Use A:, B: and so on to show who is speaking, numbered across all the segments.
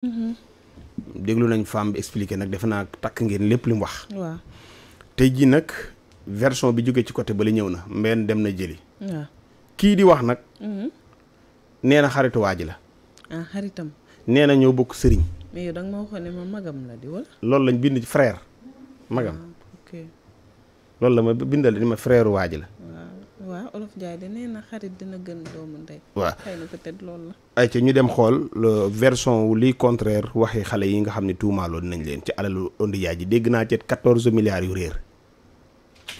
A: Mm-hmm.
B: déglu nañ femme bi expliqué nag defe naa takk ngeen lépp li mu wax. waaw tey jii nag version bi jóge ci côté ba ñëw na mbenn dem na jëli. kii di wax nag. Mm-hmm. nee na xaritu waa ji la. ah xaritam. nee na bokk sëriñ. mais yow da nga loolu lañ bind ci frère. magam ah, ok loolu la ma bindal ni ma freeru waa ji la.
A: waaw olof Ndiaye de nee na xarit dina gën doomu ndey. waaw xëy na peut-être loolu la. ay ca ñu dem xool
B: version wu lii contraire waxi xale yi nga xam ne tuumaaloon nañ leen ci alalu Ondi Ndiaye ji dégg naa ci 14 milliards yu réer.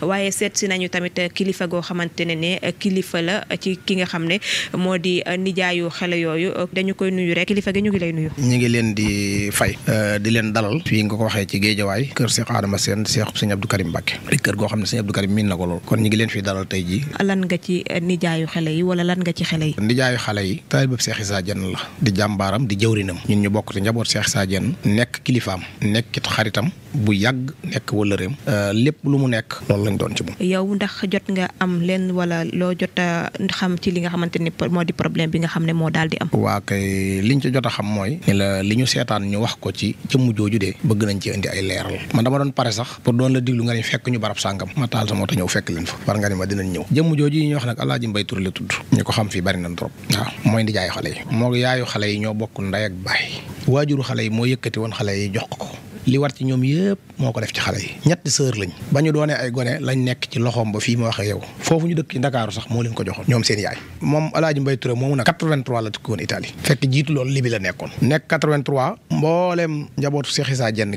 C: waaye seet si nañu tamit kilifa goo xamante ne ne kilifa la ci ki nga xam ne moo di nijaayu xale yooyu dañu koy nuyu rek kilifa gi ñu ngi lay nuyu.
D: ñu ngi leen di fay. Euh, di leen dalal. fii nga ko waxee ci géejawaay kër Cheikh Adama Sène Cheikh Sëñ Abdou Karim Mbacke. kër goo xam ne Sëñ Abdou Karim miin ko lool. kon fii dalal tey ji lan nga ci euh,
C: nijaayu xale yi
D: wala lan nga ci xale yi. nijaayu xale yi. taalibe Cheikh Issa Diène la. di jàmbaaram di jëwrinam. ñun ñu bokk ci njaboot Cheikh Issa Diène. nekk kilifaam. nekk xaritam bu yàgg nekk wëllëreem euh, lépp lu mu nekk loolu ñu doon ci moom.
C: yow ndax jot nga am leen wala loo jot a xam ci li nga xamante ni moo di problème bi nga xam ne moo daal di am.
D: waa kay jot a xam mooy. la li ñu seetaan ñu wax ko ci jëmm jooju de bëgg nañ ci indi ay leeral. man dama doon pare sax pour doon la diglu nga ne fekk ñu barab sàngam ma taal sa moto ñëw fekk leen fa war nga ne ma dinañ ñëw jëmm jooju yi ñu wax nag Alaaji Mbay Turé la tudd ñu ko xam fii bari nañ trop waaw mooy ndijaayu xale yi moo yaayu xale yi ñoo bokk ndey ak baay waajuru xale yi moo yëkkati woon xale yi jox ko li war ci ñoom yëpp moo ko def ci xale yi ñetti sœur lañ ba ñu doonee ay gone lañ nekk ci loxoom ba fii ma waxe yow foofu ñu dëkk ci Ndakaaru sax moo leen ko joxoon ñoom seen yaay moom Alaaji Mbay Touré moomu nag 83 la tukki woon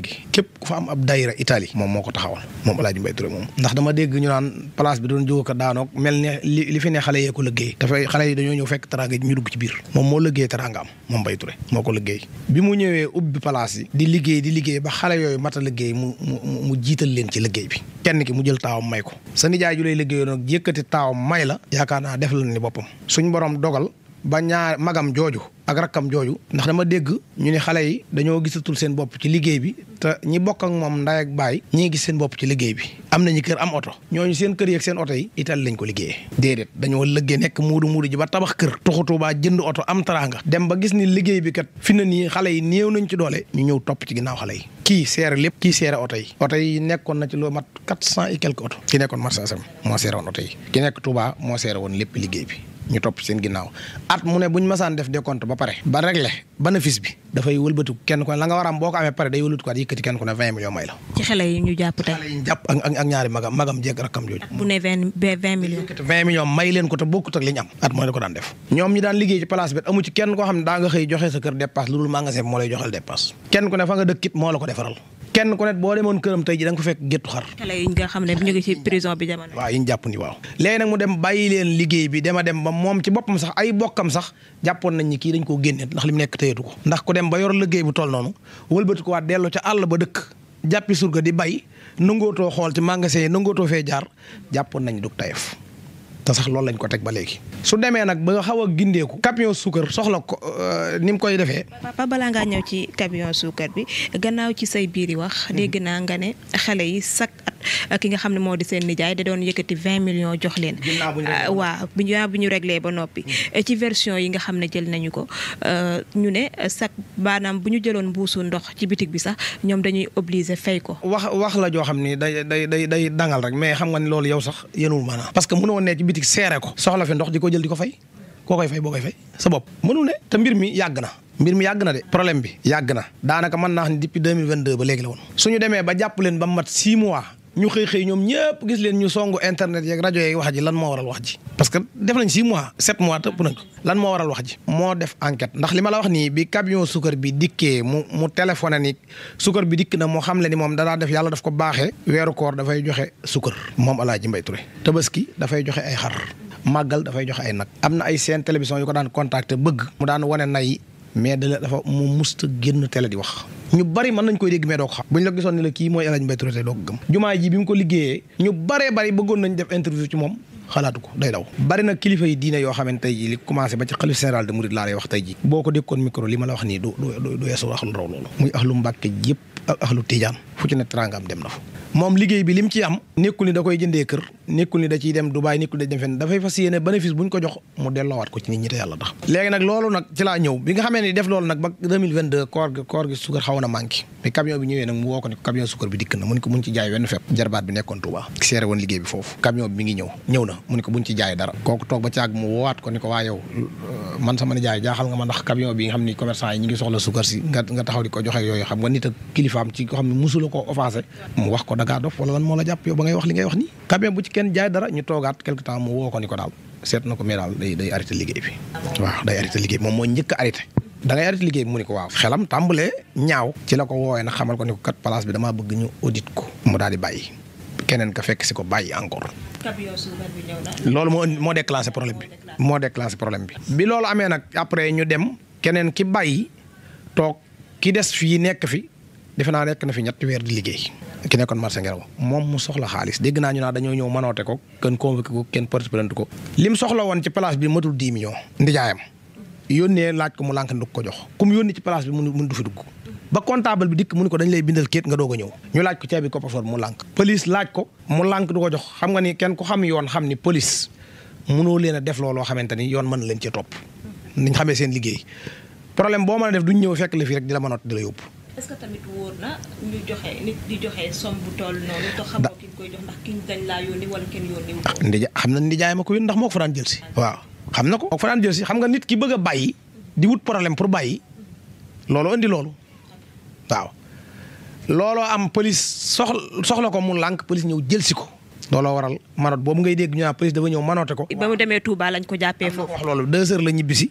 D: gi képp ku fa am ab dayra Italie moom moo ko taxawal moom Alaaji Mbay Touré moomu dama dégg ñu naan place bi doon jóg ko daanoog mel ne li fi ne xale yee ko liggéey dafay xale yi dañoo ñëw fekk teraanga ñu dugg ci biir moom moo liggéey teraanga moo ko liggéey bi mu ñëwee ubbi place yi di liggéey di liggéey ba xale yooyu mat a liggéey mu mu mu jiital leen ci liggéey bi kenn ki mu jël taawam may ko sa nijaay ju lay liggéeyoo nag yëkkati taawam may la yaakaar naa def la ni boppam suñ borom dogal ba ñaar magam jooju ak rakkam jooju ndax dama dégg ñu ne xale yi dañoo gisatul seen bopp ci liggéey bi te ñi bokk ak moom ndax ak baay ñi gis seen bopp ci liggéey bi am nañu kër am oto ñooñu seen kër yeeg seen oto yi itali lañ ko liggéeyee déedéet dañoo lëggee nekk muudu muudu ji ba tabax kër tuxu Tuubaa jënd oto am taraanga dem ba gis ni liggéey bi kat fi na nii xale yi néew nañ ci doole ñu ñëw topp ci ginnaaw xale kii seere lépp kii seere oto yi oto nekkoon na ci lu mat quatre cent et quelques oto ki nekkoon marcasam moo seere woon oto yi ki nekk Tuubaa moo seere woon lépp liggéey bi ñu topp seen ginnaaw at mu ne bu ñu masaan def décompte ba pare ba réglé bénéfice bi dafay wëlbatiku kenn ku ne la nga war a am boo ko amee pare day wëlbatiku at yëkkati kenn ku ne vingt millions ko daan def ñoom ñi daan liggéey ci place bi amu kenn koo xam daa nga xëy joxe sa kër dépasse lu dul magasin bi moo lay joxal dépasse kenn ku fa nga dëkkit moo la ko defaral kenn ku nekk boo demoon këram tey ji da nga fekk géttu xar. xale yi nga xam ne ñu ngi ci prison bi jamono. waaw yi ñu jàpp ni waaw. léegi mu dem bàyyi leen liggéey bi dama dem ba moom ci boppam sax ay bokkam sax jàppoon nañ ni kii dañ koo génne ndax li mu nekk téyetu ko. ndax ku dem ba yor liggéey bu toll noonu wëlbati ko waat delloo ca àll ba dëkk jàppi surga di bay nangootoo xool ci magasin yi nangootoo fee jaar jàppoon nañ dug tayef te sax loolu lañ ko teg ba léegi. su demee nag ba nga xaw a gindeeku. camion suukar soxla ko euh, ni mu koy defee.
C: papa balaa ngaa ñëw ci camion suukar bi gannaaw ci say biir yi wax. Mhm. dégg naa nga ne xale yi chaque at ki nga xam ne moo di seen nijaay da doon yëkkati vingt millions jox leen. waa bu ñu ah, bu ñu réglé ba noppi. Mhm. ci version yi nga xam ne jël nañu ko euh, ñu ne chaque maanaam bu ñu jëloon mbuusu ndox ci bitig bi sax ñoom dañuy obligé fay ko.
D: wax wax la joo xam ni day day day day dangal rek mais xam nga loolu yow sax yéenul bitik seere ko soxla fi ndox di ko jël di ko fay ko koy fay boo koy sa bopp mënul ne te mbir mi yàgg na mbir mi yàgg na de problème bi yàgg na daanaka mën naa xam ne depuis 2022 ba léegi la woon suñu demee ba jàpp leen ba mat 6 mois ñu xëy xëy ñoom ñëpp gis leen ñu songu internet yeeg rajo yeeg wax ji lan moo waral wax ji parce que def nañ six mois sept mois tëpp nañ ko lan moo waral wax ji moo def enquête ndax li ma la wax nii bi camion suukar bi dikkee mu mu téléphoné ni suukar bi dikk na moo xam le ni moom danaa def yàlla daf ko baaxee weeru koor dafay joxe suukar moom a Alaaji Mbay Touré tabaski dafay joxe ay xar màggal dafay joxe ay nag am na ay seen télévision yu ko daan contacter bëgg mu daan wane nay mais dafa mu musta génn télé di wax ñu bari mën nañ koy dégg mais doo ko xam buñ la gisoon ni la kii mooy El Hadj Mbaye Touré tey doo ko gëm jumaa ji bi mu ko liggéeyee ñu baree bari bëggoon nañ def interview ci moom xalaatu ko day daw bari na kilifa yi diine yoo xamante tey ji li commencé ba ci xalif général de Mouride laa lay wax tey ji boo ko dékkoon micro li ma la wax nii du du du yeesu wax lu raw loolu muy ahlu Mbàkke yëpp ak ahlu tiijaan fu ci ne teraangaam dem na fa moom liggéey bi lim ci am nekkul ni da koy jëndee kër nekkul ni da ciy dem Dubaay nekkul da dem fenn dafay fas yéene bénéfice bu ñu ko jox mu ci nit nag loolu ni a ko na mu ne ko mun ci jaay wenn fepp jarbaat bi buñ ci jaay dara kooku toog ba ci mu woowaat ko ni ko waa yow euh, man sama nijaay jaaxal nga ma ndax camion bi xam ni commerçant yi ñi ngi soxla suukar si nga taxaw di ko joxe yooyu xam nga nit ak kilifa kilifaam ci ko xam ne musula koo offensé mu wax ko da ngaa dof wala lan moo la jàpp yow ba ngay wax li ngay wax ni quand bu ci kenn jaay dara ñu toogaat quelque temps mu woo ko ni ko daal seet na ko mais daal day day arrêté liggéey bi waaw day arrêté liggéey bi moom mooy njëkk a arrêté da ngay liggéey bi mu ni ko waaw xelam tàmbalee ñaaw ci la ko woowee nag xamal ko ni ko kat place bi damaa bëgg ñu audit ko mu daal di bàyyi keneen ka fekk si ko bàyyi encore loolu moo moo déclenché problème bi moo déclenché problème bi bi loolu amee nag après ñu ki bàyyi toog ki des fi defe naa nekk na fi ñetti weer di liggéey ki nekkoon marché ngelaw moom mu soxla xaalis dégg naa ñu naa dañoo ñëw mënoote ko kenn convoqué ko kenn porte plainte ko lim soxla woon ci place bi matul 10 millions ndijaayam yónnee laaj ko mu lànk nduk ko jox ku mu yónni ci place bi mu mun du fi dugg ba comptable bi dikk mu ko dañ lay bindal kéet nga doog a ñëw ñu laaj ko caabi coffre-fort mu lànk police laaj ko mu lànk du a jox xam nga ni kenn ku xam yoon xam ni police mënoo leen a def xamante ni yoon mën leen ci topp niñ xamee seen liggéey problème boo mën a def ñëw fekk di la mënoot di la yóbbu
C: est-ce que tamit na ñu joxe
D: xam na ndijaay ma ko yónni ndax moo ko fa jël si. Ah. waaw xam na ko. moo ko si xam nga nit ki bëgg a bàyyi. di wut problème pour bàyyi. looloo indi loolu. waaw looloo am police soxla soxla ko mu lànk police ñëw jël si ko. looloo waral manoot boobu ngay dégg ñu naan police dafa ñëw manoote ko. ba
C: mu demee Touba lañ ko jàppee foofu.
D: wax loolu deux la ñibbisi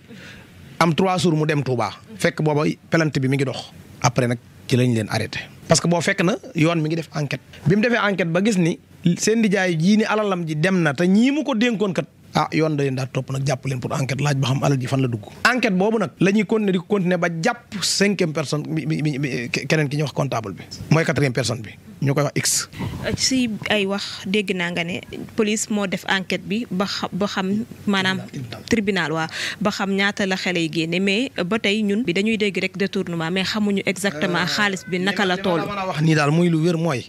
D: am trois jours mu dem Touba. fekk booba pelant bi mi ngi dox après nag ci lañ leen arrêté. parce que boo fekk na yoon mi ngi def enquête. bi mu defee enquête ba gis ni seen nijaay jii ni alalam ji dem na te ñii mu ko dénkoon kat ah yoon da leen daa topp nag jàpp leen pour enquête laaj ba xam alal ji fan la dugg enquête boobu nag la continuer di ko continuer ba jàpp cinquième personne bi bi keneen ki ñuy wax comptable bi mooy quatrième personne bi
C: si ay wax dégg naa nga ne police moo def enquête bi ba ba xam maanaam tribunal waa ba xam ñaata la xale génne mais ba tey ñun bi dañuy dégg rek détournement mais xamuñu exactement euh, xaalis bi naka la toll wax
D: nii daal muy lu wér mooy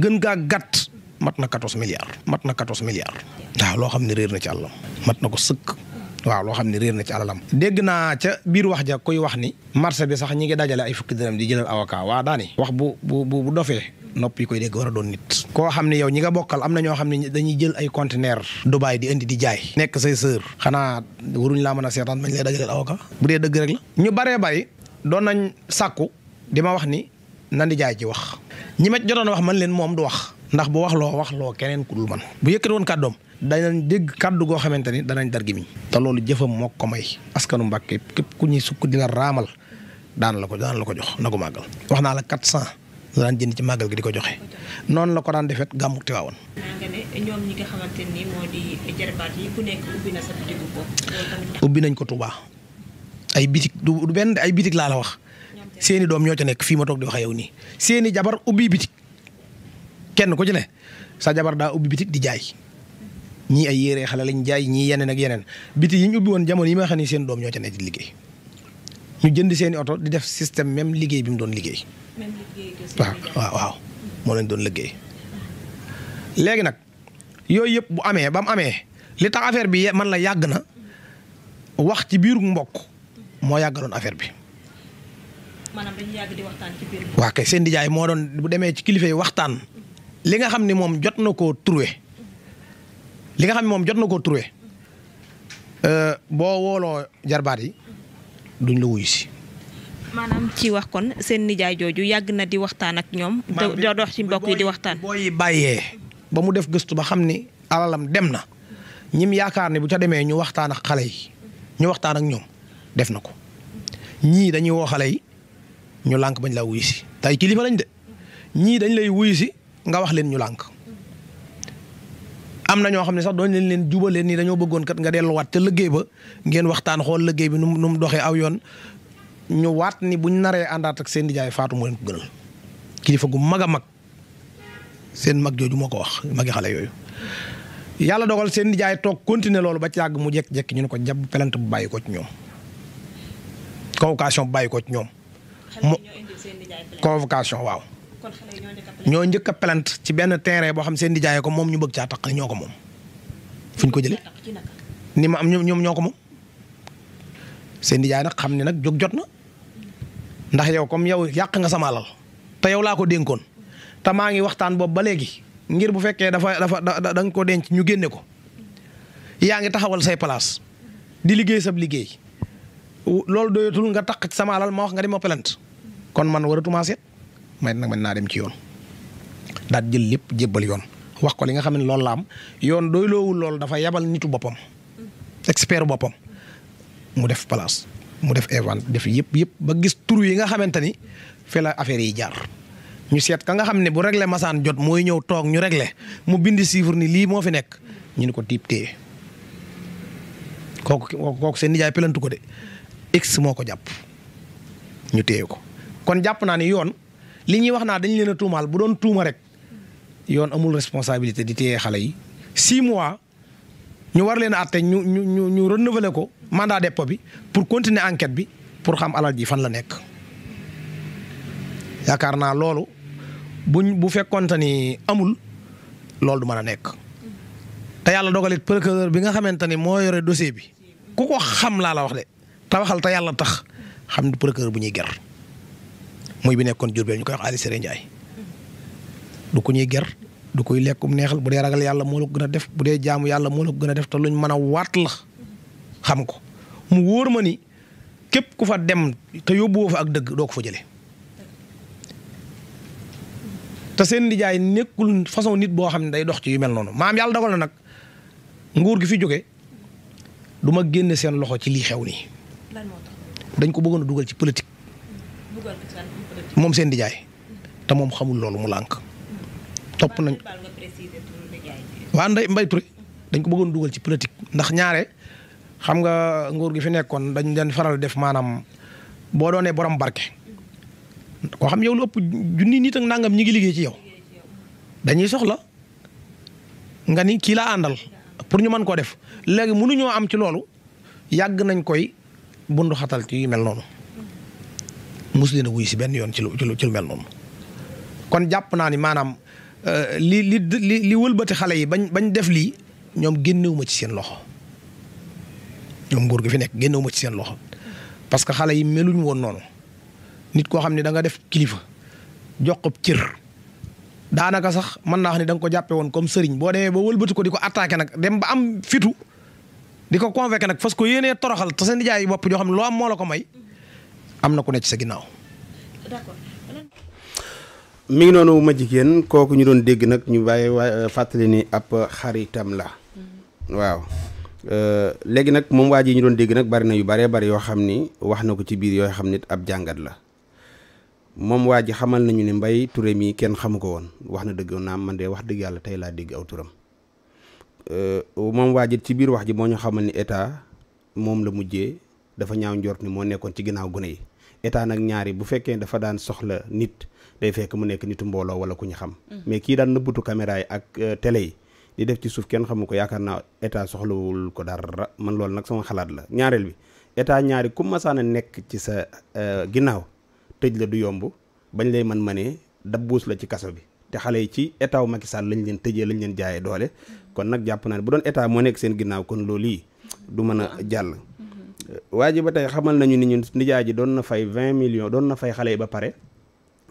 D: gën gaa gàtt mat na 14 milliards mat na 14 milliards waaw loo xam ne réer na ci àllam mat na ko sëkk waaw loo xam ne réer na ci alalam dégg naa ca biir wax ja koy wax ni marché bi sax ñi ngi dajale ay fukki dërëm di jëlal avocat waa daani wax bu bu bu dofee nopp yi koy war a doon nit koo xam ne yow ñi nga bokkal am na ñoo xam ne dañuy jël ay du Dubaay di indi di jaay nekk say sœur xanaa waruñ laa mën a seetaan bañ lay dajaleel avocat bu dee dëgg rek la ñu baree bay doon nañ sàkku di ma wax ni nan di jaay ci wax ñi ma jotoon wax man leen moom du wax ndax bu wax loo wax loo keneen ku dul man bu yëkkati woon kàddoom danañ dégg kàddu goo xamante ni danañ dar gimiñ te loolu jëfam moo ko may askanu Mbàkke képp ku ñuy sukk di la raamal daan la ko daan la ko jox na màggal wax naa la quatre cent la daan jënd ci màggal gi di ko joxe noonu la ko daan defet gàmmu Tiwaawan
C: ñoom ñi
D: ubbi ko ubbi nañ ko Touba ay bitig du benn ay bitig laa la wax seeni doom ñoo ca nekk fii ma toog di wax yow nii seeni jabar ubbi bitig kenn ku ci ne sa jabar daa ubbi bitik di jaay ñii ay yére xale lañ jaay ñii yeneen ak yeneen biti yi ñu ubbi woon jamono yi ma xam ne seen doom ñoo ca ne liggéey ñu jënd seen oto di def système même liggéey bi mu doon liggéey. waaw waaw doon liggéey. léegi nag yooyu yëpp bu amee ba mu amee li tax affaire bi man la yàgg na wax ci biiru mbokk moo yàggaloon affaire bi. maanaam waa kay seen di jaay moo doon bu demee ci kilifa waxtaan. li nga xam ne moom jot na koo trouvé li nga xam ne moom jot na koo trouvé euh, boo wooloo jarbaat yi duñ la wuyusi si.
C: maanaam ci wax kon seen nijaay jooju yàgg na di waxtaan ak ñoom. doo dox ci mbokk yi di waxtaan. boo bàyyee
D: ba mu def gëstu ba xam ni alalam dem na ñim yaakaar ne bu ca demee ñu waxtaan ak xale yi ñu waxtaan ak ñoom def na ko ñii dañuy woo xale yi ñu lànk bañ la wuyu si kilifa lañ de ñii dañ lay wuyu nga wax leen ñu lànk am na ñoo xam ne sax doon leen leen jubaleen nii dañoo bëggoon kat nga delluwaat te liggéey ba ngeen waxtaan xool liggéey bi nu mu nu mu doxee aw yoon ñu waat ni buñ naree àndaat ak seen nijaay faatu moo leen ko gënal kilifa gu mag a mag seen mag jooju moo ko wax magi xale yooyu. yàlla dogal seen nijaay toog continuer loolu ba ci yàgg mu jekk-jekk ñu ne ko jàpp pelante bu bàyyi ko ci ñoom ci ñoom. mu convocation waaw. ñoo njëkk a ci benn terrain boo xam seen di ko moom ñu bëgg caa taq ñoo ko moom fuñ ko jële ni ma am ñoom ñoo ko moom seen di jaay nag xam ni nag jóg jot na ndax yow comme yow yàq nga sama alal te yow laa ko dénkoon te maa ngi waxtaan boobu ba léegi ngir bu fekkee dafa dafa da nga ko denc ñu génne ko yaa ngi taxawal say place di liggéey sab liggéey loolu doyatul nga taq ci sama alal ma wax nga di ma plante kon man waratuma seet may na mën naa dem ci yoon daal jël yépp jëbbal yoon wax ko li nga xam ne loolu laam yoon doy loowul loolu dafa yabal nitu boppam expert boppam mu def place mu def évent def yëpp yëpp ba gis tur yi nga xamante ni fi la affaire yi jaar ñu seet ka nga xam ne bu réglé masaan jot mooy ñëw toog ñu réglé mu bind chiffre ni lii moo fi nekk ñu ni ko tiib téye kooku kooku seen nijaay pelantu ko de x moo ko jàpp ñu téye ko kon jàpp naa ni yoon. li ñuy wax naa dañ leen a tuumaal bu doon tuuma rek yoon amul responsabilité di téye xale yi six mois ñu war leen a àtte ñu ñu ñu ñu renouveler ko mandat dépôt bi pour continuer enquête bi pour xam alal ji fan la nekk. yaakaar naa loolu buñ bu fekkonte ni amul loolu du mën a nekk te yàlla dogalit procureur bi nga xamante ni moo yore dossier bi ku ko xam laa la wax de tabaxal te yàlla tax xam ni procureur bu ñuy ger. muy bi nekkoon Jurbel ñu koy wax Aly du ko ñuy ger du koy lekkum neexal bu dee ragal yàlla moo la gën a def bu dee jaamu yàlla moo la ko gën a def te luñ mën a waat la xam ko mu wóor ma ni képp ku fa dem te yóbbuwoo fa ak dëgg doo ko fa jëlee te seen nijaay nekkul façon nit boo xam ne day dox ci yu mel noonu maam yàlla dogal na nag nguur gi fi jóge duma génn seen loxo ci lii xew nii dañ ko bëggoon dugal ci politique moom seen di jaay te moom xamul loolu mu lànk topp nañ waa nday Mbaye Touré dañ ko bëggoon dugal ci politique ndax ñaare xam nga nguur gi fi nekkoon dañ leen faral def maanaam boo doonee borom barke. koo xam yow lu ëpp nangam ñi ngi liggéey ci yow dañuy soxla nga ni kii laa àndal pour ñu mën koo def léegi mënuñoo am ci loolu yàgg nañ koy bundu xatal ci yu mel noonu. mos leen a wuy si benn yoon ci lu ci lu mel noonu. kon jàpp naa ni maanaam euh, li li li li wëlbati xale yi bañ bañ def lii ñoom génnewuma ci seen loxo ñoom nguur gi fi nekk génnewuma ci seen loxo parce que xale yi meluñ woon noonu nit koo xam ne da nga def kilifa jox ko cër. daanaka sax mën naa wax ni da ko jàppe woon comme sëriñ boo demee ba wëlbati ko di ko attaqué nag dem ba am fitu di ko convaincre nag fas ko yéenee toroxal te seen nijaay yi bopp joo xam loo am moo la ko may am na ku nekk ci sa ginnaaw.
B: mu ngi noonu ma jigéen kooku ñu doon dégg nag ñu bàyyi euh, fàttali ni ab xaritam la. Mm-hmm. waaw euh, léegi nag moom waa ji ñu doon dégg nag bari na yu baree bari yoo xam ni wax na ko ci biir yoo xam nit ab jàngat la moom waa ji xamal nañu ni mbay Touré mi kenn xamu ko woon wax na dëgg naam man dee wax dëgg yàlla tey laa dégg aw turam euh, moom waa ji ci biir wax ji moo ñu xamal ni état moom la mujjee. dafa ñaaw njort ni moo nekkoon ci ginnaaw gone yi état nag ñaari bu fekkee dafa daan soxla nit day fekk mu nekk nitu mbooloo wala ku ñu xam mm-hmm. mais kii daan nëbbutu caméra yi ak euh, tele yi di def ci suuf kenn xamu ko yaakaar naa état soxlawul ko dara man loolu nag sama xalaat la ñaareel bi état ñaari ku masaan a nekk ci sa euh, ginnaaw tëj la du yomb bañ lay mën mënee dabbuus la ci kaso bi te xale yi ci état wu Macky lañ leen tëjee lañ leen jaayee doole mm-hmm. kon nag jàpp naa bu doon état moo nekk seen ginnaaw kon loolu du mën a mm-hmm. jàll waa ji ba tey xamal nañu ni ñun nijaay ji doon na fay vingt million doon na fay xale yi ba pare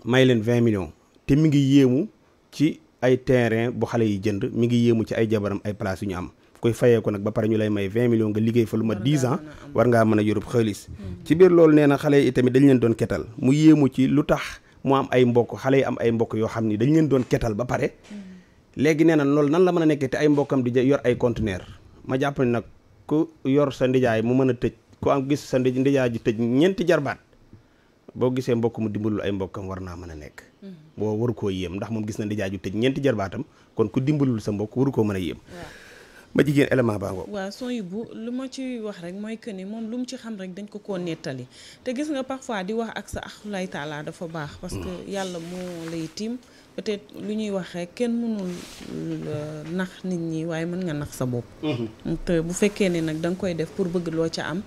B: may leen vingt millions te mi ngi yéemu ci ay terrain bu xale yi jënd mu ngi yéemu ci ay jabaram ay place yu ñu am koy fayee ko nag ba pare ñu lay may vingt millions nga liggéey fa lu ma dix ans war ngaa mën a yorub xaalis mm. ci biir loolu nee na xale yi tamit dañ leen doon ketal mu yéemu ci lu tax mu am ay mbokk xale yi am ay mbokk yoo xam ni dañ leen doon ketal ba pare mm. léegi nee na loolu nan la mën a nekkee te ay mbokkam di yor ay conteneur ma jàpp nag ku yor sa ndijaay mu mën a tëj ku am gis sa ndijaa ji tëj ñeenti jarbaat boo gisee mbokk mu dimbalul ay mbokkam war naa mën a nekk boo mm-hmm. waru koo yéem ndax moom gis na ndijaa ju tëj ñeenti jarbaatam kon ku dimbalul sa mbokk waru koo mën a yéem ma jigéen élément baa ngoo
A: waaw son bu lu ma ci wax rek mooy que ni moom lu mu ci xam rek dañ ko koo nettali te gis nga parfois di wax ak sa axulay ah, taala dafa baax parce que mm. yàlla moo lay tiim peut-être lu ñuy wax rek kenn mënul euh, nax nit ñi waaye mën nga nax sa bopp. Mm-hmm. bu fekkee ne nag danga koy def pour bëgg loo ca am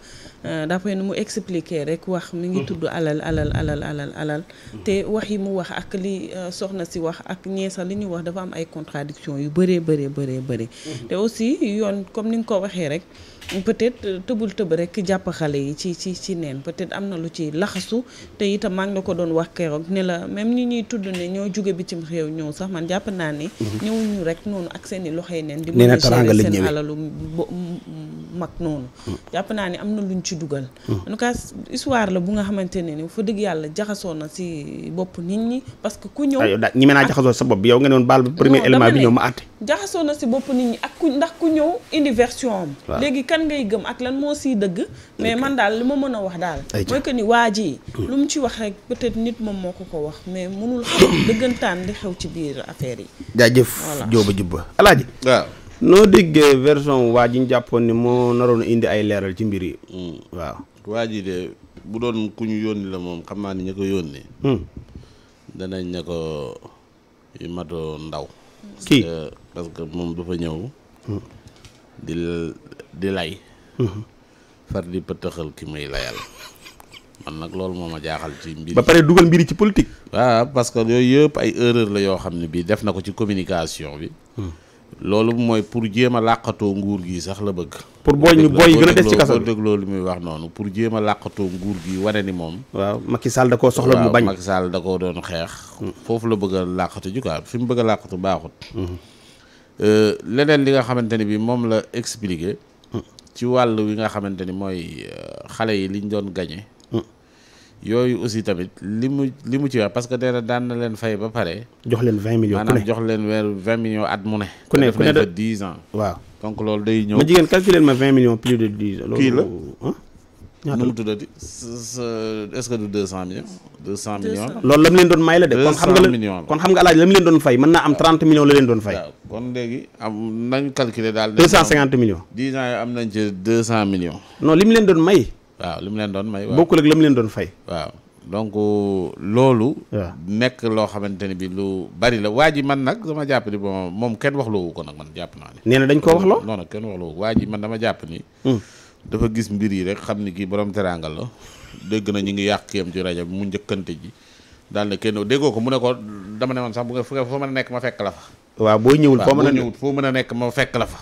A: euh, d'après nu mu expliquer rek wax mi ngi mm-hmm. tudd alal alal alal alal alal. Mm-hmm. te wax yi mu wax ak li euh, soxna si wax ak ñeesa li ñuy wax dafa am ay contradiction yu bëree bëree bëree bëri. te aussi yoon comme ni nga ko waxee rek. peut-être tëbul tëb rek jàpp xale yi ci ci ci neen peut-être am na lu ci laxasu te itam maa ngi la ko doon wax keroog ne la même ñi ñuy tudd ne ñoo jóge bitim réew ñëw sax man jàpp naa ne. Mhm. ñëwuñu rek noonu ak seeni loxo yi neen. di mën a gérer seen alalu bo mag noonu mm. jàpp naa ni am na luñ ci dugal mm. en tout cas histoire la bu nga xamante ne ni fa dëgg yàlla jaxasoo na si bopp nit ñi parce que ku ñëw ñi mën naa jaxasoo
B: sa bopp bi yow nga ne woon baal premier élément bi ñëw ma àtte
A: jaxasoo na si bopp nit ñi ak ku ndax ku ñëw indi version am léegi kan ngay gëm ak lan moo siy dëgg mais man daal li ma mën a wax daal mooy que ni waa ji mm. lu mu ci wax rek peut-être nit moom moo ko ko wax mais mënul xam dëggantaan li xew ci biir affaire yi
B: jaajëf jooba jubba alaaji noo déggee version waa ji ñu ni moo naroon indi ay leeral ci mbir yi.
E: Hmm. waaw waa ji de bu doon ku ñu yónni la moom xam naa ni ña ko yónni. Hmm. danañ ne ko yu mato ndaw. kii parce que moom dafa ñëw. Hmm. di di lay. far di pëtëxal ki muy layal. man nag loolu moo ma jaaxal ci mbir ba pare dugal mbiri ci politique. waaw parce que yooyu yëpp ay erreur la yoo xam ne bii def na ko ci communication bi. loolu mooy pour jéem a làqatoo nguur gi sax la bëgg. pour booy ñu booy gën a des ci kaso bi muy wax noonu pour jéem a làqatoo nguur gi wane ni moom. waaw Macky Sall da koo soxla mu bañ waaw Macky Sall da koo doon xeex. Mm. foofu la bëgg a làqatu jukaat fi mu bëgg a làqatu baaxut. Mm-hmm. Euh, leneen li nga xamante ni bi moom la expliqué. Mm. ci wàll wi nga xamante ni mooy euh, xale yi liñ doon gañe yooyu aussi tamit li mu li mu ci wax parce que nee daan na leen fay ba pare. jox leen vingt millions maanaam jox leen weer vingt millions at mu ne.
B: ku
E: loolu day ñëw. ma jigéen
B: calculer ma vingt millions plus de dix. loolu kii la loolu
E: la mu leen doon may la de. kon xam kon xam nga alaaj la mu
B: leen doon fay am trente millions la leen doon fay. waaw
E: kon léegi am nañ calculer daal. deux cent cinquante millions. dix ans yi am nañ ci deux cent millions.
B: non li mu leen doon may.
E: waaw li mu leen doon may. waaw bokkul ak mu leen doon fay. waaw donc loolu. nekk loo xamante ni bi lu bari la waa ji man nag dama jàpp ni bon moom kenn wax waxloowu ko nag man jàpp naa ne. nee na dañ koo waxloo. non nag kenn waxloowu waa ji man dama jàpp ni. Hmm. dafa gis mbir yi rek xam ni kii borom teraanga la dégg na ñu ngi yàq kiyam ci rajo bi mu njëkkante ji daal ne kenn déggoo ko mu ne ko dama ne man sax bu nga fa mën a nekk ma fekk la fa.
B: waaw boo ñëwul foo mën a ñëwul
E: foo mën a nekk ma fekk la fa.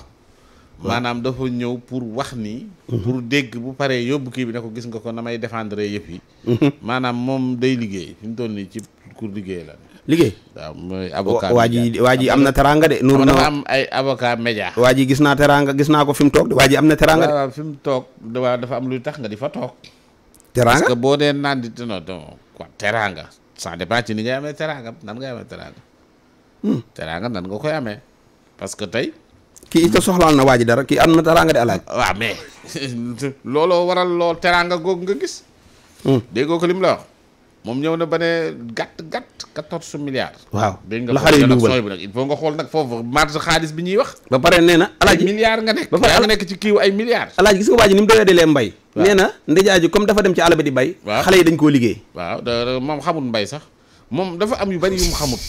E: maanaam dafa ñëw pour wax ni. Mhm. pour dégg bu paree yóbbu kii bi ne ko gis nga ko na may défendre yëpp yi. Mhm. maanaam moom day liggéey fi mu toll nii ci pour liggéey la. liggéey waaw mooy avocat waa ji waa ji am na teranga de. na
B: am ay avocat média. waa gis naa teraanga gis naa ko fi mu toog de waa ji am na teranga
E: fi mu toog dafa am luy tax nga di fa toog. teranga boo dee naan di non non quoi teranga ça dépend ci ni ngay amee teraanga nan ngay amee teranga. Hmm. teranga nan nga koy amee parce que tey.
B: kii itam soxlaal na waa ji dara kii am na teraanga di alaaj
E: waaw mais looloo waral lool teraanga googu nga gis hmm. déggoo ko lim la wax moom ñëw na ba ne gàtt gàtt quatorze milliards waaw dégg nga la xale yi duubal il faut nga xool nag foofu marge
B: xaalis bi ñuy wax ba pare nee na alaaji milliards nga nekk ba nga nekk ci kiiw ay milliards alaaji gis nga waa ji ni mu doyee delee mbay nee na ndejaaju comme dafa dem ci àll bi di bay waaw xale yi dañ koo liggéey
E: waaw moom xamul mbay sax moom dafa am yu bari yu mu xamut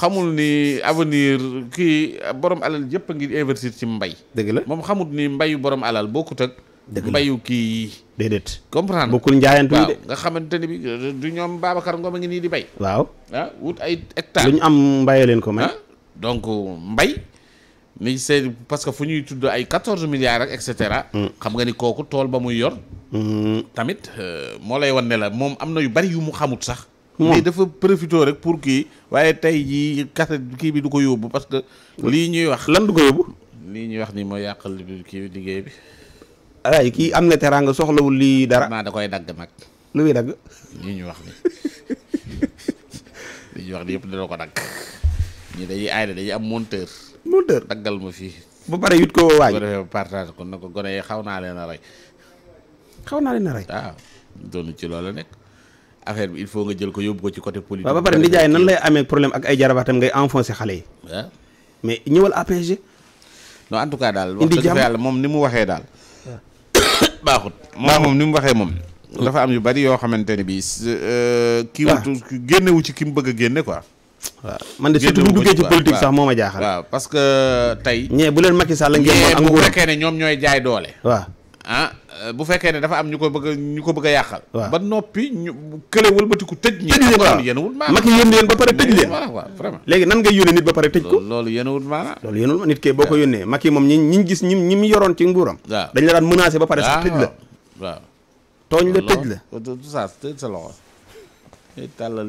E: xamul ni avenir kii borom alal yëpp a ngi investir ci mbay. dëgg la moom xamul ni mbayu borom alal bokkut ak. mbayu
B: kii yi. déedéet comprendre bokkul njaayantu yi de
E: nga xamante ni bi du ñoom Babacar Ngom a ngi nii di bay. waaw ah wut ay hectare lu ñu am
B: mbayoo leen ko may. Ah,
E: donc mbay. ni c'est parce que fu ñuy tudd ay quatorze milliards ak et cetera. Hmm. xam nga ni kooku tool ba mu yor. Hmm. tamit euh, moo lay wan ne la moom am na yu bari yu mu xamut sax. mais dafa profité rek pour kii waaye tey jii kaset kii bi du ko yóbbu parce que lii ñuy wax lan du ko yóbbu lii ñuy wax ni moo yàqal kii liggéey bi ay kii am na teraanga soxlawul lii dara naa da koy dagg nag lu muy dagg lii ñu wax ni lii ñu wax ni yëpp dina ko dagg ñi dañuy aay dañuy am monteur monteur daggal ma fii ba pare yut ko waaj ko na ko gone yi xaw naa leen a rey xaw naa leen a rey waaw doonu ci loola nekk affaire bi il faut nga jël ko yóbbu ko ci côté politique. waaw ba pare nijaay nan
B: lay amee problème ak ay jarabaatam ngay enfoncé xale yi. mais ñëwal APG.
E: non tout cas daal. indi jàmm wax dëgg
B: moom ni mu waxee daal.
E: baaxut maa moom ni mu waxee moom. dafa am yu bari yoo xamante ne bii. Euh, kii ah. wutu génnewu ci ki mu bëgg génne ko waaw
B: man de surtout bu duggee ci politique sax moo ma jaaxal.
E: waaw parce que tey. ñee bu leen Macky Sall la ngeen moom ak bu fekkee ñoom ñooy jaay doole. ah euh, bu fekkee ne dafa am ñu ko bëgg ñu ko bëgg a yàqal. ba noppi ñu kële wëlbatiku tëj. ñi tëj leen
B: yéenawul maanaam mag yéen leen ba pare tëj leen.
A: waaw waaw vraiment
B: léegi nan ngay yónnee nit ba pare tëj ko. loolu yéenawul maanaam. loolu yéenawul nit kee boo ko yónnee mag yi moom ñi ñi gis ñi ñi mu yoroon ci nguuram. waaw dañ la daan menacé ba pare sax ah, tëj la.
A: waaw tooñ la tëj la. loolu sa tëj sa loxo